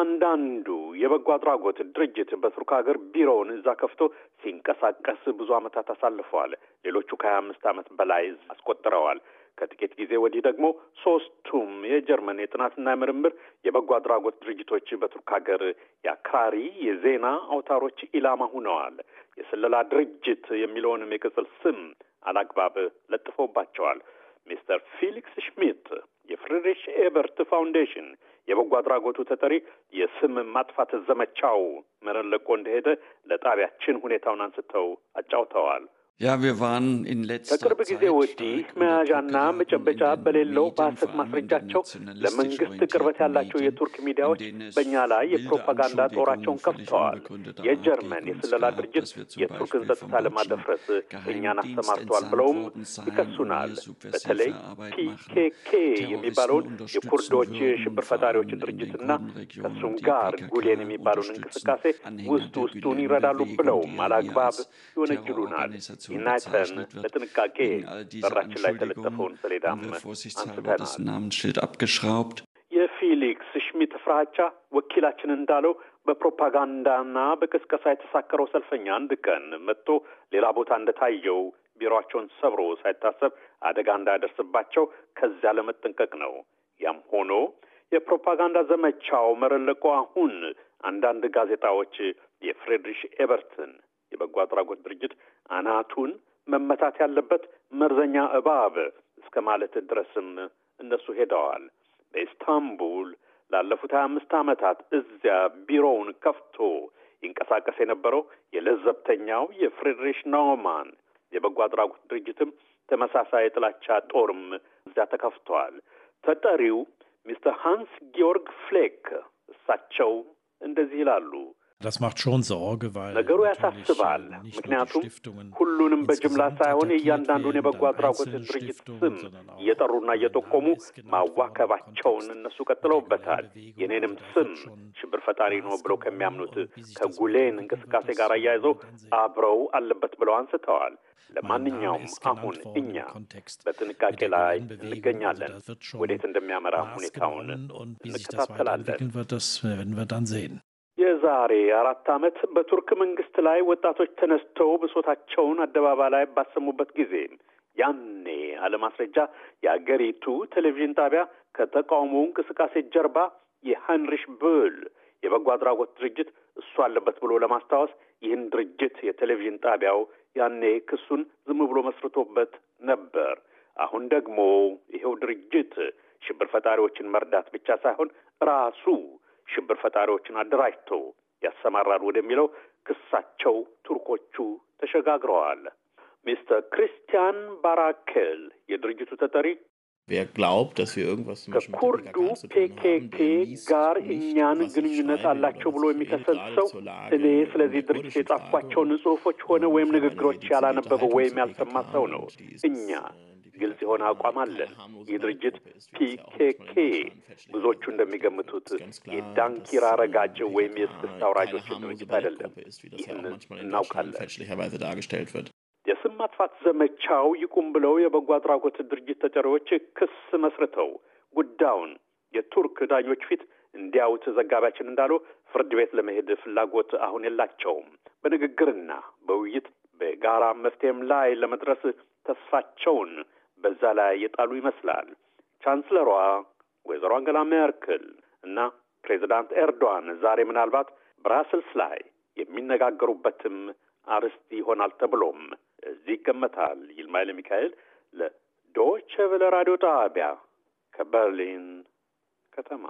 አንዳንዱ የበጎ አድራጎት ድርጅት በቱርክ ሀገር ቢሮውን እዛ ከፍቶ ሲንቀሳቀስ ብዙ ዓመታት አሳልፈዋል። ሌሎቹ ከሀያ አምስት ዓመት በላይ አስቆጥረዋል። ከጥቂት ጊዜ ወዲህ ደግሞ ሶስቱም የጀርመን የጥናትና ምርምር የበጎ አድራጎት ድርጅቶች በቱርክ ሀገር የአክራሪ የዜና አውታሮች ኢላማ ሁነዋል። የስለላ ድርጅት የሚለውንም የቅጽል ስም አላግባብ ለጥፈውባቸዋል። ሚስተር ፊሊክስ ሽሚት የፍሪድሪሽ ኤበርት ፋውንዴሽን የበጎ አድራጎቱ ተጠሪ የስም ማጥፋት ዘመቻው መረለቆ እንደሄደ ለጣቢያችን ሁኔታውን አንስተው አጫውተዋል። ከቅርብ ጊዜ ወዲህ መያዣና መጨበጫ በሌለው በሐሰት ማስረጃቸው ለመንግስት ቅርበት ያላቸው የቱርክ ሚዲያዎች በእኛ ላይ የፕሮፓጋንዳ ጦራቸውን ከፍተዋል። የጀርመን የስለላ ድርጅት የቱርክን ጸጥታ ለማደፍረስ እኛን አሰማርተዋል ብለውም ይከሱናል። በተለይ ፒኬኬ የሚባለውን የኩርዶች ሽብር ፈጣሪዎች ድርጅትና ከሱም ጋር ጉሌን የሚባለውን እንቅስቃሴ ውስጥ ውስጡን ይረዳሉ ብለውም አላግባብ ይወነጅሉናል። bezeichnet wird. Gegen all diese Anschuldigungen haben wir vorsichtshalber das Namensschild abgeschraubt. የፊሊክስ ሽሚት ወኪላችን እንዳለው በፕሮፓጋንዳና በቅስቀሳ የተሳከረው ሰልፈኛ አንድ ቀን መጥቶ ሌላ ቦታ እንደታየው ቢሮቸውን ሰብሮ ሳይታሰብ አደጋ እንዳያደርስባቸው ከዚያ ለመጠንቀቅ ነው። ያም ሆኖ የፕሮፓጋንዳ ዘመቻው መረለቆ አሁን አንዳንድ ጋዜጣዎች የፍሬድሪሽ ኤበርትን የበጎ አድራጎት ድርጅት አናቱን መመታት ያለበት መርዘኛ እባብ እስከ ማለት ድረስም እነሱ ሄደዋል። በኢስታንቡል ላለፉት ሀያ አምስት ዓመታት እዚያ ቢሮውን ከፍቶ ይንቀሳቀስ የነበረው የለዘብተኛው የፍሬድሪሽ ናውማን የበጎ አድራጎት ድርጅትም ተመሳሳይ የጥላቻ ጦርም እዚያ ተከፍተዋል። ተጠሪው ሚስተር ሃንስ ጊዮርግ ፍሌክ እሳቸው እንደዚህ ይላሉ። Das macht schon Sorge, weil ነገሩ ያሳስባል። ምክንያቱም ሁሉንም በጅምላ ሳይሆን እያንዳንዱን የበጎ አድራጎት ድርጅት ስም እየጠሩና እየጠቆሙ ማዋከባቸውን እነሱ ቀጥለውበታል። የኔንም ስም ሽብር ፈጣሪ ነው ብለው ከሚያምኑት ከጉሌን እንቅስቃሴ ጋር አያይዘው አብረው አለበት ብለው አንስተዋል። ለማንኛውም አሁን እኛ በጥንቃቄ ላይ እንገኛለን። ወዴት እንደሚያመራ ሁኔታውን እንከታተላለን። የዛሬ አራት ዓመት በቱርክ መንግስት ላይ ወጣቶች ተነስተው ብሶታቸውን አደባባይ ላይ ባሰሙበት ጊዜ ያኔ አለማስረጃ የአገሪቱ ቴሌቪዥን ጣቢያ ከተቃውሞ እንቅስቃሴ ጀርባ የሃንሪሽ ብል የበጎ አድራጎት ድርጅት እሱ አለበት ብሎ ለማስታወስ ይህን ድርጅት የቴሌቪዥን ጣቢያው ያኔ ክሱን ዝም ብሎ መስርቶበት ነበር። አሁን ደግሞ ይኸው ድርጅት ሽብር ፈጣሪዎችን መርዳት ብቻ ሳይሆን ራሱ ሽብር ፈጣሪዎችን አደራጅቶ ያሰማራል ወደሚለው ክሳቸው ቱርኮቹ ተሸጋግረዋል። ሚስተር ክሪስቲያን ባራኬል የድርጅቱ ተጠሪ ከኩርዱ ፔኬኬ ጋር እኛን ግንኙነት አላቸው ብሎ የሚከሰል ሰው እኔ ስለዚህ ድርጅት የጻፏቸውን ጽሁፎች ሆነ ወይም ንግግሮች ያላነበበው ወይም ያልሰማ ሰው ነው። እኛ ግልጽ የሆነ አቋም አለን። ይህ ድርጅት ፒኬኬ ብዙዎቹ እንደሚገምቱት የዳንኪራ ረጋጭ ወይም የእስክስታ አውራጆችን ድርጅት አይደለም። ይህን እናውቃለን። የስም ማጥፋት ዘመቻው ይቁም ብለው የበጎ አድራጎት ድርጅት ተጠሪዎች ክስ መስርተው ጉዳዩን የቱርክ ዳኞች ፊት እንዲያውት ዘጋቢያችን እንዳሉ ፍርድ ቤት ለመሄድ ፍላጎት አሁን የላቸውም። በንግግርና በውይይት በጋራ መፍትሄም ላይ ለመድረስ ተስፋቸውን በዛ ላይ የጣሉ ይመስላል። ቻንስለሯ ወይዘሮ አንገላ ሜርክል እና ፕሬዚዳንት ኤርዶዋን ዛሬ ምናልባት ብራስልስ ላይ የሚነጋገሩበትም አርዕስት ይሆናል ተብሎም እዚህ ይገመታል። ይልማይል ሚካኤል ለዶይቸ ቬለ ራዲዮ ጣቢያ ከበርሊን ከተማ